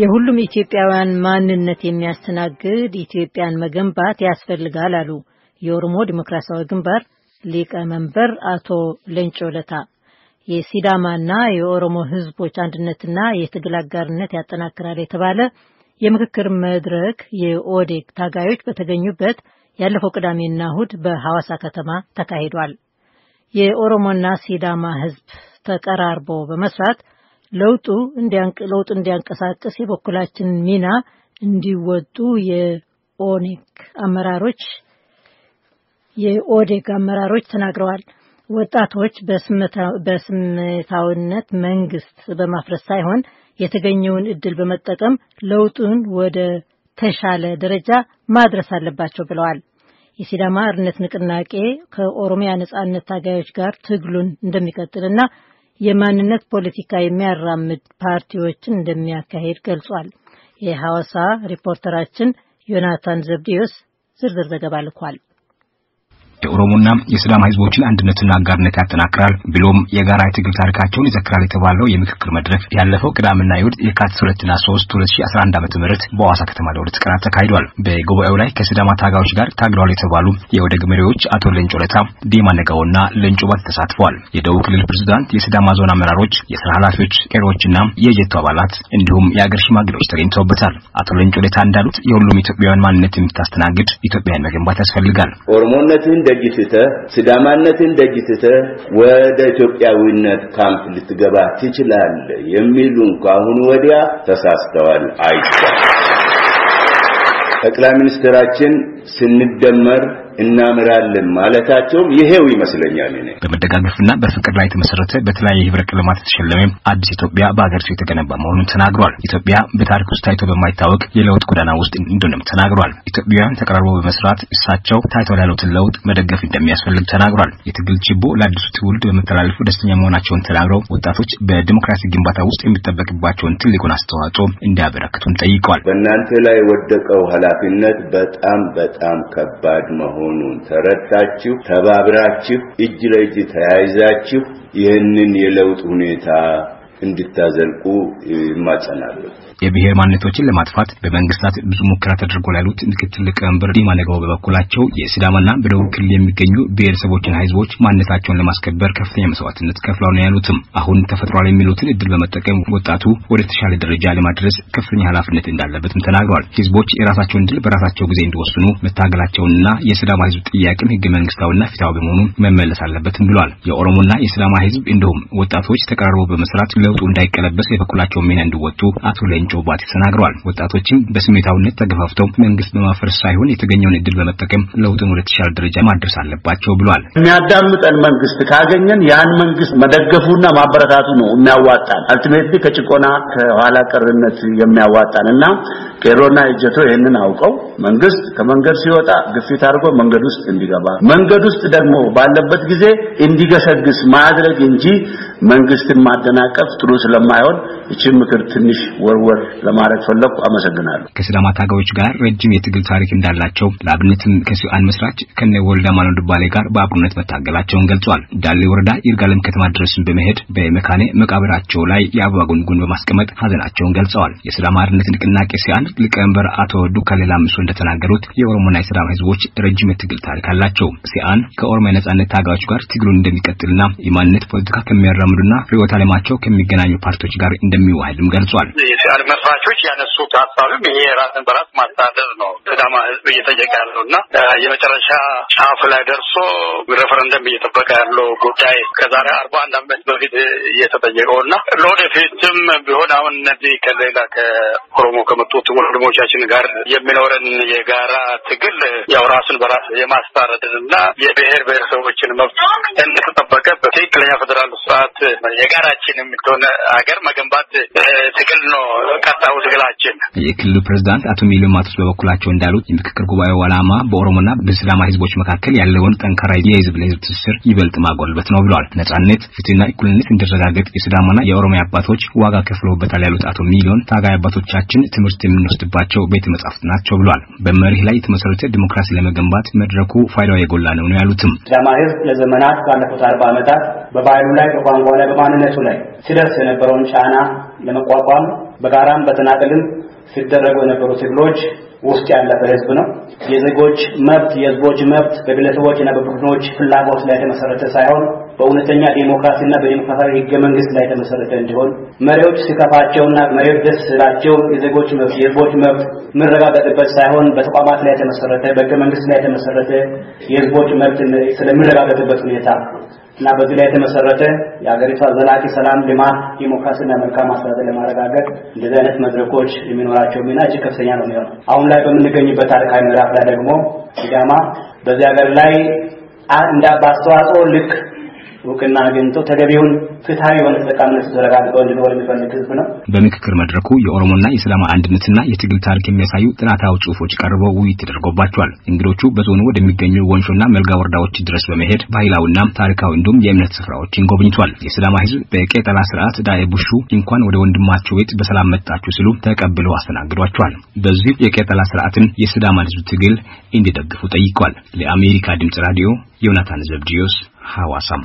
የሁሉም ኢትዮጵያውያን ማንነት የሚያስተናግድ ኢትዮጵያን መገንባት ያስፈልጋል አሉ የኦሮሞ ዲሞክራሲያዊ ግንባር ሊቀመንበር አቶ ለንጮ ለታ። የሲዳማና የኦሮሞ ሕዝቦች አንድነትና የትግል አጋርነት ያጠናክራል የተባለ የምክክር መድረክ የኦዴግ ታጋዮች በተገኙበት ያለፈው ቅዳሜና እሁድ በሐዋሳ ከተማ ተካሂዷል። የኦሮሞና ሲዳማ ህዝብ ተቀራርቦ በመስራት ለውጡ ለውጥ እንዲያንቀሳቅስ የበኩላችን ሚና እንዲወጡ የኦኔክ አመራሮች የኦዴግ አመራሮች ተናግረዋል። ወጣቶች በስሜታዊነት መንግስት በማፍረስ ሳይሆን የተገኘውን እድል በመጠቀም ለውጡን ወደ ተሻለ ደረጃ ማድረስ አለባቸው ብለዋል። የሲዳማ አርነት ንቅናቄ ከኦሮሚያ ነጻነት ታጋዮች ጋር ትግሉን እንደሚቀጥልና የማንነት ፖለቲካ የሚያራምድ ፓርቲዎችን እንደሚያካሄድ ገልጿል። የሐዋሳ ሪፖርተራችን ዮናታን ዘብዲዮስ ዝርዝር ዘገባ ልኳል። የኦሮሞና የስዳማ ህዝቦችን አንድነትና አጋርነት ያጠናክራል ብሎም የጋራ የትግል ታሪካቸውን ይዘክራል የተባለው የምክክር መድረክ ያለፈው ቅዳምና ይሁድ የካቲት ሁለትና ሶስት ሁለት ሺ አስራ አንድ ዓመተ ምህረት በሐዋሳ ከተማ ለሁለት ቀናት ተካሂዷል። በጉባኤው ላይ ከስዳማ ታጋዮች ጋር ታግለዋል የተባሉ የወደግ መሪዎች አቶ ለንጮ ለታ፣ ዲማ ነጋዎና ለንጮ ባት ተሳትፈዋል። የደቡብ ክልል ፕሬዝዳንት፣ የስዳማ ዞን አመራሮች፣ የስራ ኃላፊዎች፣ ቄሮዎችና የጀቱ አባላት እንዲሁም የአገር ሽማግሌዎች ተገኝተውበታል። አቶ ለንጮ ለታ እንዳሉት የሁሉም ኢትዮጵያውያን ማንነት የምታስተናግድ ኢትዮጵያን መገንባት ያስፈልጋል። ኦሮሞነትን ደጅ ትተህ ሲዳማነትን ደጅ ትተህ ወደ ኢትዮጵያዊነት ካምፕ ልትገባ ትችላለህ የሚሉን ከአሁኑ ወዲያ ተሳስተዋል። አይቻል ጠቅላይ ሚኒስትራችን ስንደመር እናምራለን ማለታቸውም ይሄው ይመስለኛል። እኔ በመደጋገፍና በፍቅር ላይ የተመሰረተ በተለያየ ህብረ ቀለማት የተሸለመ አዲስ ኢትዮጵያ በሀገሪቱ የተገነባ መሆኑን ተናግሯል። ኢትዮጵያ በታሪክ ውስጥ ታይቶ በማይታወቅ የለውጥ ጎዳና ውስጥ እንደሆነም ተናግሯል። ኢትዮጵያውያን ተቀራርቦ በመስራት እሳቸው ታይቷል ያሉትን ለውጥ መደገፍ እንደሚያስፈልግ ተናግሯል። የትግል ችቦ ለአዲሱ ትውልድ በመተላለፉ ደስተኛ መሆናቸውን ተናግረው ወጣቶች በዲሞክራሲ ግንባታ ውስጥ የሚጠበቅባቸውን ትልቁን አስተዋጽኦ እንዲያበረክቱም ጠይቋል። በእናንተ ላይ የወደቀው ኃላፊነት በጣም በጣም ከባድ መሆኑ መሆኑን ተረድታችሁ ተባብራችሁ እጅ ለእጅ ተያይዛችሁ ይህንን የለውጥ ሁኔታ እንድታዘልቁ ይማጸናሉ። የብሔር ማንነቶችን ለማጥፋት በመንግስታት ብዙ ሙከራ ተደርጎ ላሉት ምክትል ሊቀመንበር ዲማ ነገው በበኩላቸው የሲዳማና በደቡብ ክልል የሚገኙ ብሔረሰቦችና ህዝቦች ማንነታቸውን ለማስከበር ከፍተኛ መስዋዕትነት ከፍለው ነው ያሉትም። አሁን ተፈጥሯል የሚሉትን እድል በመጠቀም ወጣቱ ወደ ተሻለ ደረጃ ለማድረስ ከፍተኛ ኃላፊነት እንዳለበትም ተናግሯል። ህዝቦች የራሳቸውን እድል በራሳቸው ጊዜ እንዲወስኑ መታገላቸውንና የሲዳማ ህዝብ ጥያቄም ህገ መንግስታዊና ፊታዊ በመሆኑ መመለስ አለበትም ብሏል። የኦሮሞና የሲዳማ ህዝብ እንዲሁም ወጣቶች ተቀራርበው በመስራት ለውጡ እንዳይቀለበስ የበኩላቸው ሚና እንዲወጡ አቶ ሌንጮ ባቲ ተናግረዋል። ወጣቶችም በስሜታዊነት ተገፋፍተው መንግስት በማፈረስ ሳይሆን የተገኘውን እድል በመጠቀም ለውጡን ወደ ተሻለ ደረጃ ማድረስ አለባቸው ብሏል። የሚያዳምጠን መንግስት ካገኘን ያን መንግስት መደገፉና ማበረታቱ ነው የሚያዋጣን። አልቲሜትሊ ከጭቆና ከኋላ ቀርነት የሚያዋጣን እና ቄሮና እጀቶ ይህንን አውቀው መንግስት ከመንገድ ሲወጣ ግፊት አድርጎ መንገድ ውስጥ እንዲገባ መንገድ ውስጥ ደግሞ ባለበት ጊዜ እንዲገሰግስ ማድረግ እንጂ መንግስትን ማደናቀፍ ጥሩ ስለማይሆን እቺ ምክር ትንሽ ወርወር ለማድረግ ፈለኩ። አመሰግናለሁ። ከሲዳማ ታጋዮች ጋር ረጅም የትግል ታሪክ እንዳላቸው ለአብነትም ከሲአን መስራች ከነ ወልዳ ማኖ ዱባሌ ጋር በአብሮነት መታገላቸውን ገልጿል። ዳሌ ወረዳ ይርጋለም ከተማ ድረስን በመሄድ በመካነ መቃብራቸው ላይ የአበባ ጉንጉን በማስቀመጥ ሀዘናቸውን ገልጸዋል። የሲዳማ አርነት ንቅናቄ ሲአን ሊቀመንበር አቶ ዱካሌ ምሶ እንደተናገሩት የኦሮሞና የሲዳማ ህዝቦች ረጅም የትግል ታሪክ አላቸው። ሲአን ከኦሮሞ የነጻነት ታጋዮች ጋር ትግሉን እንደሚቀጥልና የማንነት ፖለቲካ ከሚያራምዱና ርዕዮተ ዓለማቸው ከሚ ከሚገናኙ ፓርቲዎች ጋር እንደሚዋሃድም ገልጿል። የሲአር መስራቾች ያነሱት ሀሳብም ይሄ ራስን በራስ ማስተዳደር ነው ሲዳማ ህዝብ እየጠየቀ ያለው እና የመጨረሻ ጫፍ ላይ ደርሶ ሬፈረንደም እየጠበቀ ያለው ጉዳይ ከዛሬ አርባ አንድ አመት በፊት እየተጠየቀው እና ለወደፊትም ቢሆን አሁን እነዚህ ከሌላ ከኦሮሞ ከመጡት ወንድሞቻችን ጋር የሚኖረን የጋራ ትግል ያው ራስን በራስ የማስታረድን እና የብሔር ብሔረሰቦችን መብት እንደተጠበቀ በትክክለኛ ፌዴራል መገንባት የጋራችን እንደሆነ ሀገር መገንባት ትግል ነው ቀጣው ትግላችን። የክልሉ ፕሬዚዳንት አቶ ሚሊዮን ማቶስ በበኩላቸው እንዳሉት የምክክር ጉባኤው ዓላማ በኦሮሞና በሲዳማ ህዝቦች መካከል ያለውን ጠንካራ የህዝብ ለህዝብ ትስስር ይበልጥ ማጎልበት ነው ብለዋል። ነጻነት፣ ፍትህና እኩልነት እንዲረጋገጥ የሲዳማና የኦሮሚያ አባቶች ዋጋ ከፍለውበታል ያሉት አቶ ሚሊዮን ታጋይ አባቶቻችን ትምህርት የምንወስድባቸው ቤተ መጻሕፍት ናቸው ብለዋል። በመርህ ላይ የተመሰረተ ዲሞክራሲ ለመገንባት መድረኩ ፋይዳው የጎላ ነው ነው ያሉትም ሲዳማ ህዝብ ለዘመናት ባለፉት አርባ ዓመታት በባህሉ ላይ በቋንቋ ላይ በማንነቱ ላይ ሲደርስ የነበረውን ጫና ለመቋቋም በጋራም በተናጠልም ሲደረጉ የነበሩ ትግሎች ውስጥ ያለ ህዝብ ነው። የዜጎች መብት የህዝቦች መብት በግለሰቦች እና በቡድኖች ፍላጎት ላይ የተመሰረተ ሳይሆን በእውነተኛ ዴሞክራሲና በዴሞክራሲያዊ ህገ መንግስት ላይ የተመሰረተ እንዲሆን መሪዎች ሲከፋቸውና መሪዎች ደስ ስላቸው የዜጎች መብት የህዝቦች መብት የሚረጋገጥበት ሳይሆን በተቋማት ላይ የተመሰረተ በህገ መንግስት ላይ የተመሰረተ የህዝቦች መብት ስለሚረጋገጥበት ሁኔታ እና በዚህ ላይ የተመሰረተ የሀገሪቷ ዘላቂ ሰላም፣ ልማት፣ ዲሞክራሲና መልካም አስተዳደር ለማረጋገጥ እንደዚህ አይነት መድረኮች የሚኖራቸው ሚና እጅግ ከፍተኛ ነው የሚሆነው። አሁን ላይ በምንገኝበት ታሪካዊ ምዕራፍ ላይ ደግሞ ሲዳማ በዚህ ሀገር ላይ በአስተዋጽኦ ልክ እውቅና አግኝቶ ተገቢውን ፍትሐዊ የሆነ ተጠቃሚነት ተረጋግጠው እንዲኖር የሚፈልግ ህዝብ ነው። በምክክር መድረኩ የኦሮሞና የስላማ አንድነትና የትግል ታሪክ የሚያሳዩ ጥናታዊ ጽሁፎች ቀርበው ውይይት ተደርጎባቸዋል። እንግዶቹ በዞኑ ወደሚገኙ ወንሾና መልጋ ወረዳዎች ድረስ በመሄድ ባህላዊና ታሪካዊ እንዲሁም የእምነት ስፍራዎችን ጎብኝቷል። የስላማ ህዝብ በቄጠላ ስርዓት ዳኤ ቡሹ እንኳን ወደ ወንድማቸው ቤት በሰላም መጣችሁ ሲሉ ተቀብለው አስተናግዷቸዋል። በዚሁ የቄጠላ ስርዓትን የስዳማ ህዝብ ትግል እንዲደግፉ ጠይቋል። ለአሜሪካ ድምጽ ራዲዮ ዮናታን ዘብዲዮስ How Hawasam.